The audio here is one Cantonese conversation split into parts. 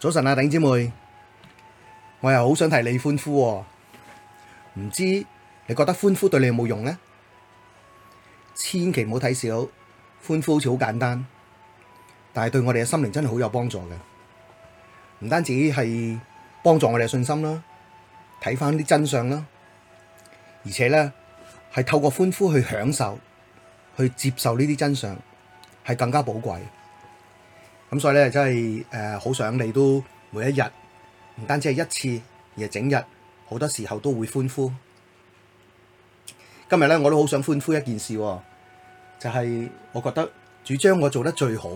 早晨啊，頂姐妹，我又好想替你歡呼，唔知你覺得歡呼對你有冇用呢？千祈唔好睇小歡呼，好似好簡單，但係對我哋嘅心靈真係好有幫助嘅。唔單止係幫助我哋嘅信心啦，睇翻啲真相啦，而且咧係透過歡呼去享受，去接受呢啲真相，係更加寶貴。咁所以咧，真係誒好想你都每一日，唔單止係一次，而係整日。好多時候都會歡呼。今日咧，我都好想歡呼一件事，就係、是、我覺得主張我做得最好。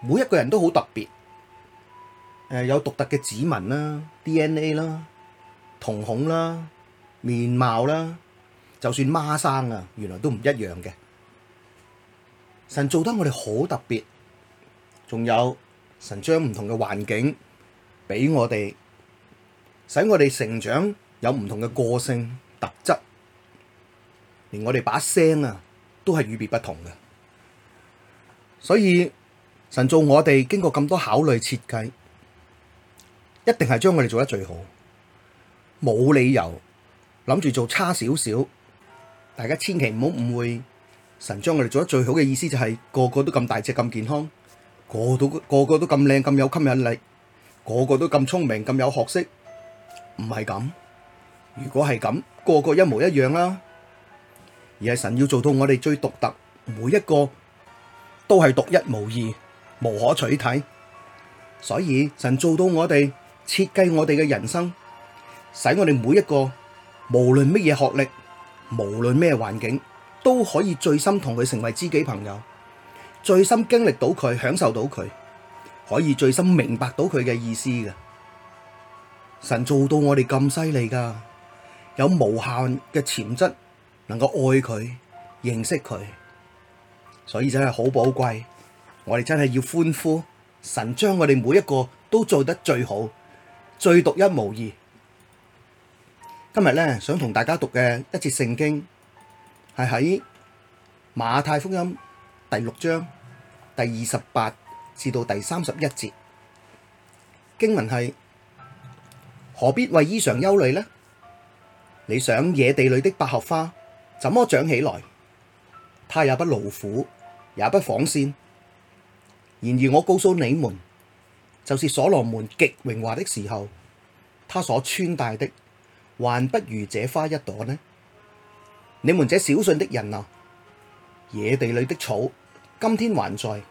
每一個人都好特別，誒、呃、有獨特嘅指紋啦、DNA 啦、瞳孔啦、面貌啦，就算孖生啊，原來都唔一樣嘅。神做得我哋好特別，仲有神將唔同嘅環境俾我哋，使我哋成長有唔同嘅個性、特質，連我哋把聲啊都係與別不同嘅。所以神做我哋經過咁多考慮設計，一定係將我哋做得最好，冇理由諗住做差少少。大家千祈唔好誤會。神將我哋做得最好嘅意思就係個個都咁大隻咁健康，個個都個個都咁靚咁有吸引力，個個都咁聰明咁有學識，唔係咁。如果係咁，個個一模一樣啦。而係神要做到我哋最獨特，每一個都係獨一無二，無可取替。所以神做到我哋設計我哋嘅人生，使我哋每一個無論乜嘢學歷，無論咩環境。都可以最深同佢成為知己朋友，最深經歷到佢，享受到佢，可以最深明白到佢嘅意思嘅。神做到我哋咁犀利㗎，有無限嘅潛質能夠愛佢、認識佢，所以真係好寶貴。我哋真係要歡呼，神將我哋每一個都做得最好、最獨一無二。今日呢，想同大家讀嘅一節聖經。係喺馬太福音第六章第二十八至到第三十一節經文係何必為衣裳憂慮呢？你想野地裡的百合花怎麼長起來？它也不勞苦，也不紡線。然而我告訴你們，就是所羅門極榮華的時候，他所穿戴的，還不如這花一朵呢。你們這小信的人啊，野地裏的草，今天還在，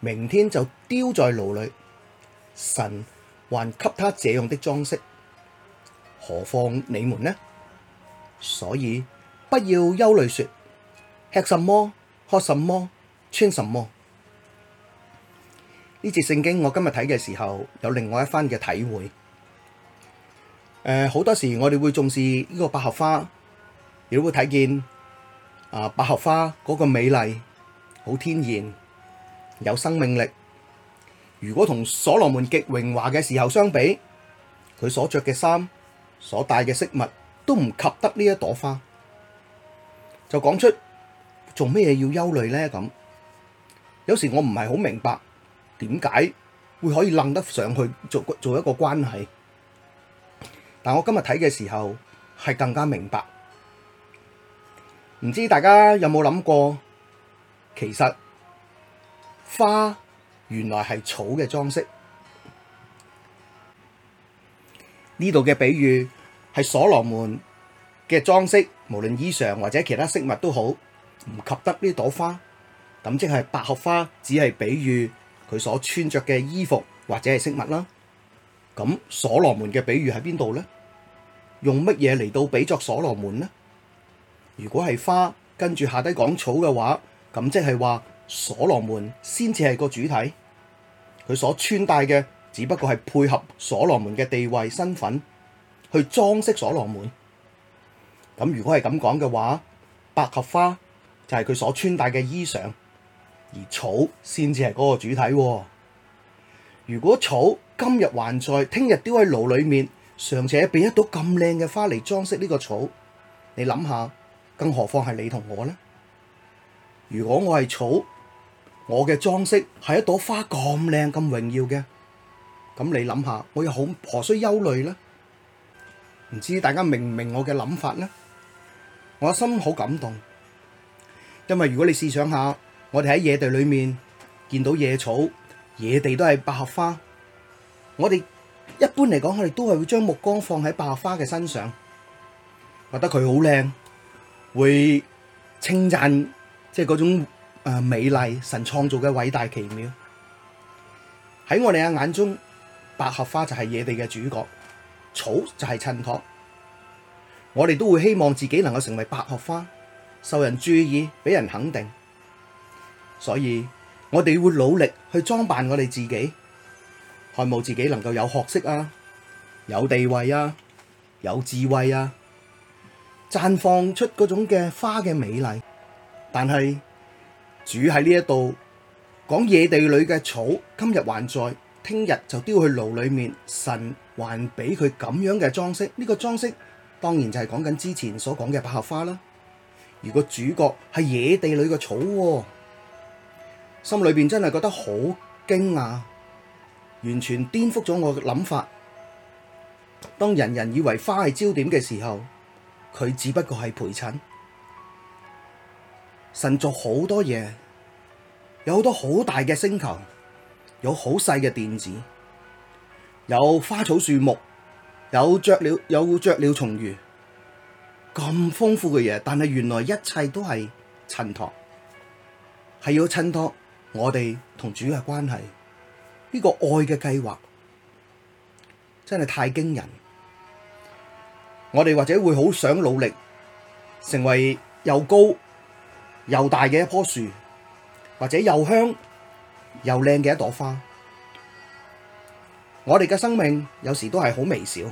明天就丟在爐裏。神還給他這樣的裝飾，何況你們呢？所以不要憂慮，說吃什麼，喝什麼，穿什麼。呢節聖經我今日睇嘅時候，有另外一番嘅體會。誒、呃，好多時我哋會重視呢個百合花。你都會睇見啊，百合花嗰個美麗，好天然，有生命力。如果同所羅門極榮華嘅時候相比，佢所着嘅衫，所戴嘅飾物，都唔及得呢一朵花。就講出做咩嘢要憂慮呢？咁有時我唔係好明白點解會可以楞得上去做做一個關係。但我今日睇嘅時候係更加明白。唔知大家有冇諗過，其實花原來係草嘅裝飾。呢度嘅比喻係所羅門嘅裝飾，無論衣裳或者其他飾物都好，唔及得呢朵花。咁即係百合花，只係比喻佢所穿着嘅衣服或者係飾物啦。咁所羅門嘅比喻喺邊度呢？用乜嘢嚟到比作所羅門呢？如果係花跟住下低講草嘅話，咁即係話所羅門先至係個主體，佢所穿戴嘅只不過係配合所羅門嘅地位身份去裝飾所羅門。咁如果係咁講嘅話，百合花就係佢所穿戴嘅衣裳，而草先至係嗰個主體，啊。如果草今日還在，聽日丟喺爐裏面，尚且俾一朵咁靚嘅花嚟裝飾呢個草，你諗下？更何況係你同我呢？如果我係草，我嘅裝飾係一朵花咁靚咁榮耀嘅，咁你諗下，我又好何須憂慮呢？唔知大家明唔明我嘅諗法呢？我心好感動，因為如果你試想下，我哋喺野地裏面見到野草，野地都係百合花，我哋一般嚟講，我哋都係會將目光放喺百合花嘅身上，覺得佢好靚。會稱讚即係嗰種、呃、美麗，神創造嘅偉大奇妙。喺我哋嘅眼中，百合花就係野地嘅主角，草就係襯托。我哋都會希望自己能夠成為百合花，受人注意，俾人肯定。所以，我哋會努力去裝扮我哋自己，羨慕自己能夠有學識啊，有地位啊，有智慧啊。綻放出嗰種嘅花嘅美麗，但係主喺呢一度講野地裏嘅草，今日還在，聽日就丟去爐裡面。神還俾佢咁樣嘅裝飾，呢、這個裝飾當然就係講緊之前所講嘅百合花啦。而個主角係野地裏嘅草、啊，心裡邊真係覺得好驚訝，完全顛覆咗我嘅諗法。當人人以為花係焦點嘅時候。佢只不過係陪襯，神做好多嘢，有好多好大嘅星球，有好細嘅電子，有花草樹木，有雀鳥有雀鳥蟲魚，咁豐富嘅嘢，但係原來一切都係襯托，係要襯托我哋同主嘅關係，呢個愛嘅計劃真係太驚人。我哋或者會好想努力，成為又高又大嘅一棵樹，或者又香又靚嘅一朵花。我哋嘅生命有時都係好微小，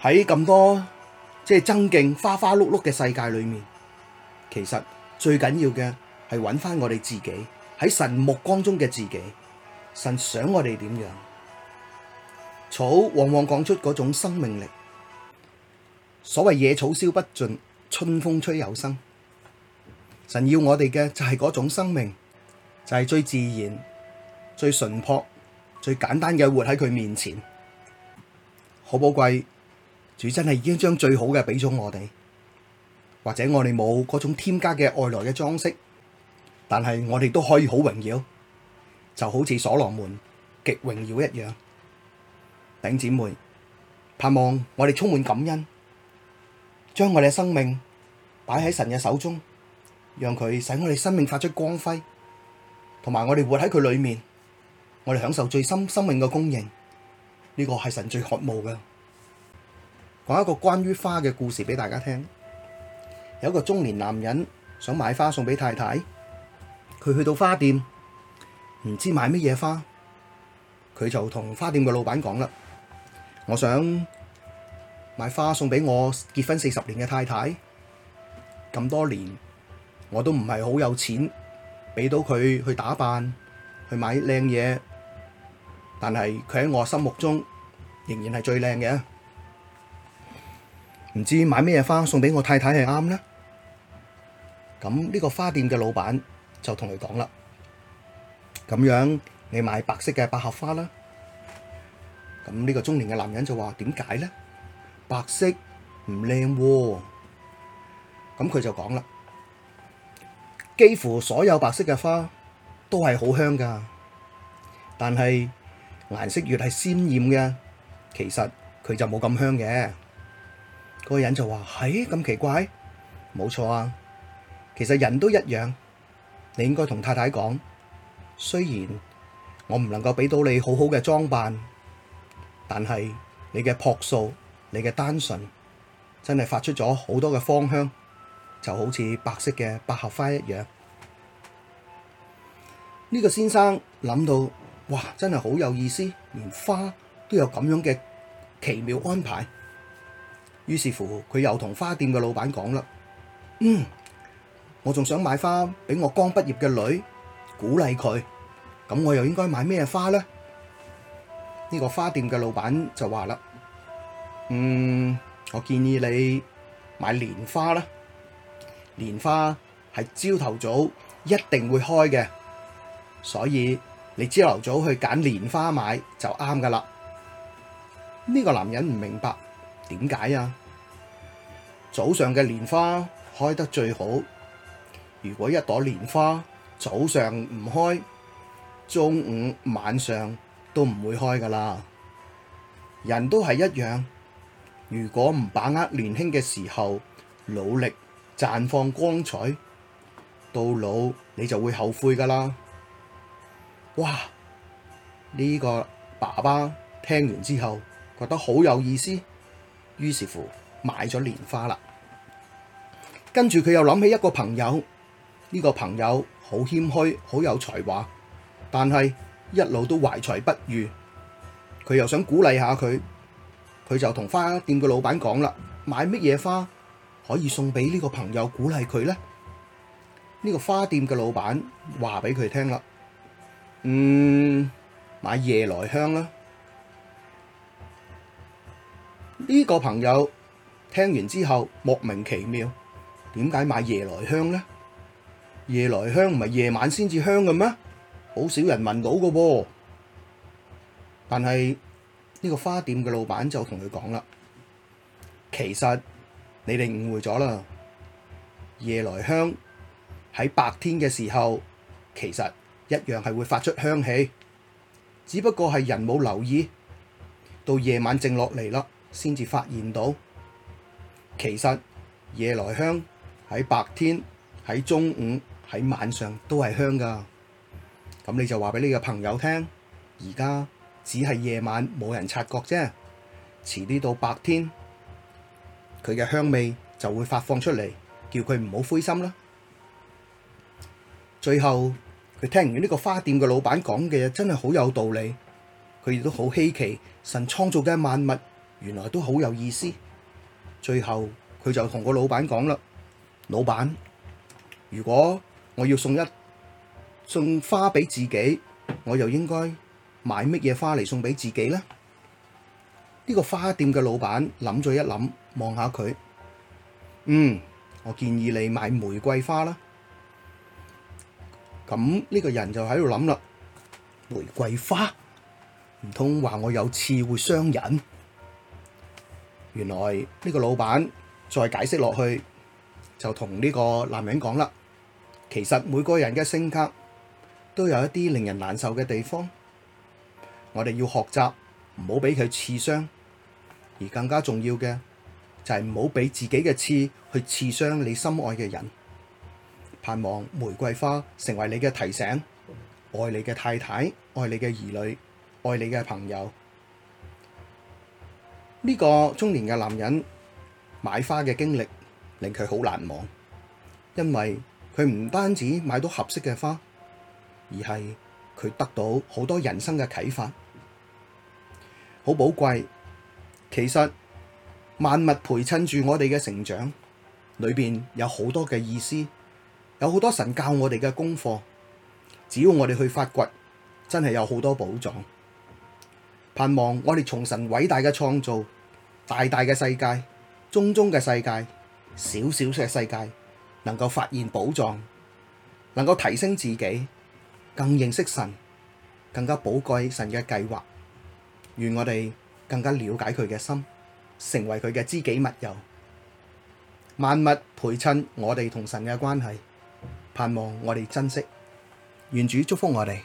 喺咁多即係增勁、花花碌碌嘅世界裏面，其實最緊要嘅係搵翻我哋自己喺神目光中嘅自己。神想我哋點樣？草往往講出嗰種生命力。所謂野草燒不盡，春風吹又生。神要我哋嘅，就係嗰種生命，就係最自然、最純樸、最簡單嘅活喺佢面前。好寶貴，主真係已經將最好嘅俾咗我哋。或者我哋冇嗰種添加嘅外來嘅裝飾，但係我哋都可以好榮耀，就好似所羅門極榮耀一樣。弟兄姊妹，盼望我哋充滿感恩。將我哋嘅生命擺喺神嘅手中，讓佢使我哋生命發出光輝，同埋我哋活喺佢裏面，我哋享受最深生命嘅供應。呢個係神最渴慕嘅。講一個關於花嘅故事俾大家聽。有一個中年男人想買花送俾太太，佢去到花店，唔知買乜嘢花，佢就同花店嘅老闆講啦，我想。買花送俾我結婚四十年嘅太太，咁多年我都唔係好有錢，俾到佢去打扮，去買靚嘢，但係佢喺我心目中仍然係最靚嘅。唔知買咩花送俾我太太係啱呢？咁呢個花店嘅老闆就同佢講啦，咁樣你買白色嘅百合花啦。咁呢個中年嘅男人就話，點解呢？白色唔靚？啊，咁佢就講啦。幾乎所有白色嘅花都係好香㗎，但係顏色越係鮮艷嘅，其實佢就冇咁香嘅。那個人就話，嘿，哎，咁奇怪，冇錯啊。其實人都一樣，你應該同太太講。雖然我唔能夠俾到你好好嘅裝扮，但係你嘅樸素。你嘅單純真係發出咗好多嘅芳香，就好似白色嘅百合花一樣。呢個先生諗到，哇，真係好有意思，連花都有咁樣嘅奇妙安排。於是乎，佢又同花店嘅老闆講啦：嗯，我仲想買花俾我剛畢業嘅女，鼓勵佢。咁我又應該買咩花呢？呢個花店嘅老闆就話啦。嗯，我建議你買蓮花啦。蓮花係朝頭早一定會開嘅，所以你朝頭早去揀蓮花買就啱噶啦。呢個男人唔明白點解啊？早上嘅蓮花開得最好，如果一朵蓮花早上唔開，中午晚上都唔會開噶啦。人都係一樣。如果唔把握年輕嘅時候努力綻放光彩，到老你就會後悔噶啦！哇，呢個爸爸聽完之後覺得好有意思，於是乎買咗蓮花啦。跟住佢又諗起一個朋友，呢個朋友好謙虛，好有才華，但係一路都懷才不遇，佢又想鼓勵下佢。佢就同花店嘅老闆講啦，買乜嘢花可以送俾呢個朋友鼓勵佢呢？呢個花店嘅老闆話俾佢聽啦，嗯，買夜來香啦。呢個朋友聽完之後莫名其妙，點解買夜來香呢？夜來香唔係夜晚先至香嘅咩？好少人聞到嘅噃，但係。呢個花店嘅老闆就同佢講啦，其實你哋誤會咗啦。夜來香喺白天嘅時候，其實一樣係會發出香氣，只不過係人冇留意，到夜晚靜落嚟啦，先至發現到。其實夜來香喺白天、喺中午、喺晚上都係香㗎。咁你就話俾你嘅朋友聽，而家。只係夜晚冇人察覺啫，遲啲到白天，佢嘅香味就會發放出嚟，叫佢唔好灰心啦。最後佢聽完呢個花店嘅老闆講嘅嘢，真係好有道理。佢亦都好稀奇，神創造嘅萬物原來都好有意思。最後佢就同個老闆講啦，老闆，如果我要送一送花俾自己，我又應該買乜嘢花嚟送俾自己咧？呢個花店嘅老闆諗咗一諗，望下佢，嗯，我建議你買玫瑰花啦。咁呢個人就喺度諗啦，玫瑰花唔通話我有刺會傷人？原來呢個老闆再解釋落去，就同呢個男人講啦，其實每個人嘅性格都有一啲令人難受嘅地方。我哋要學習唔好俾佢刺傷，而更加重要嘅就係唔好俾自己嘅刺去刺傷你心愛嘅人。盼望玫瑰花成為你嘅提醒，愛你嘅太太，愛你嘅兒女，愛你嘅朋友。呢個中年嘅男人買花嘅經歷令佢好難忘，因為佢唔單止買到合適嘅花，而係佢得到好多人生嘅啟發。好寶貴，其實萬物陪襯住我哋嘅成長，裏面有好多嘅意思，有好多神教我哋嘅功課，只要我哋去發掘，真係有好多寶藏。盼望我哋從神偉大嘅創造，大大嘅世界、中中嘅世界、小小嘅世界，能夠發現寶藏，能夠提升自己，更認識神，更加寶貴神嘅計劃。願我哋更加了解佢嘅心，成為佢嘅知己密友，萬物陪襯我哋同神嘅關係，盼望我哋珍惜，願主祝福我哋。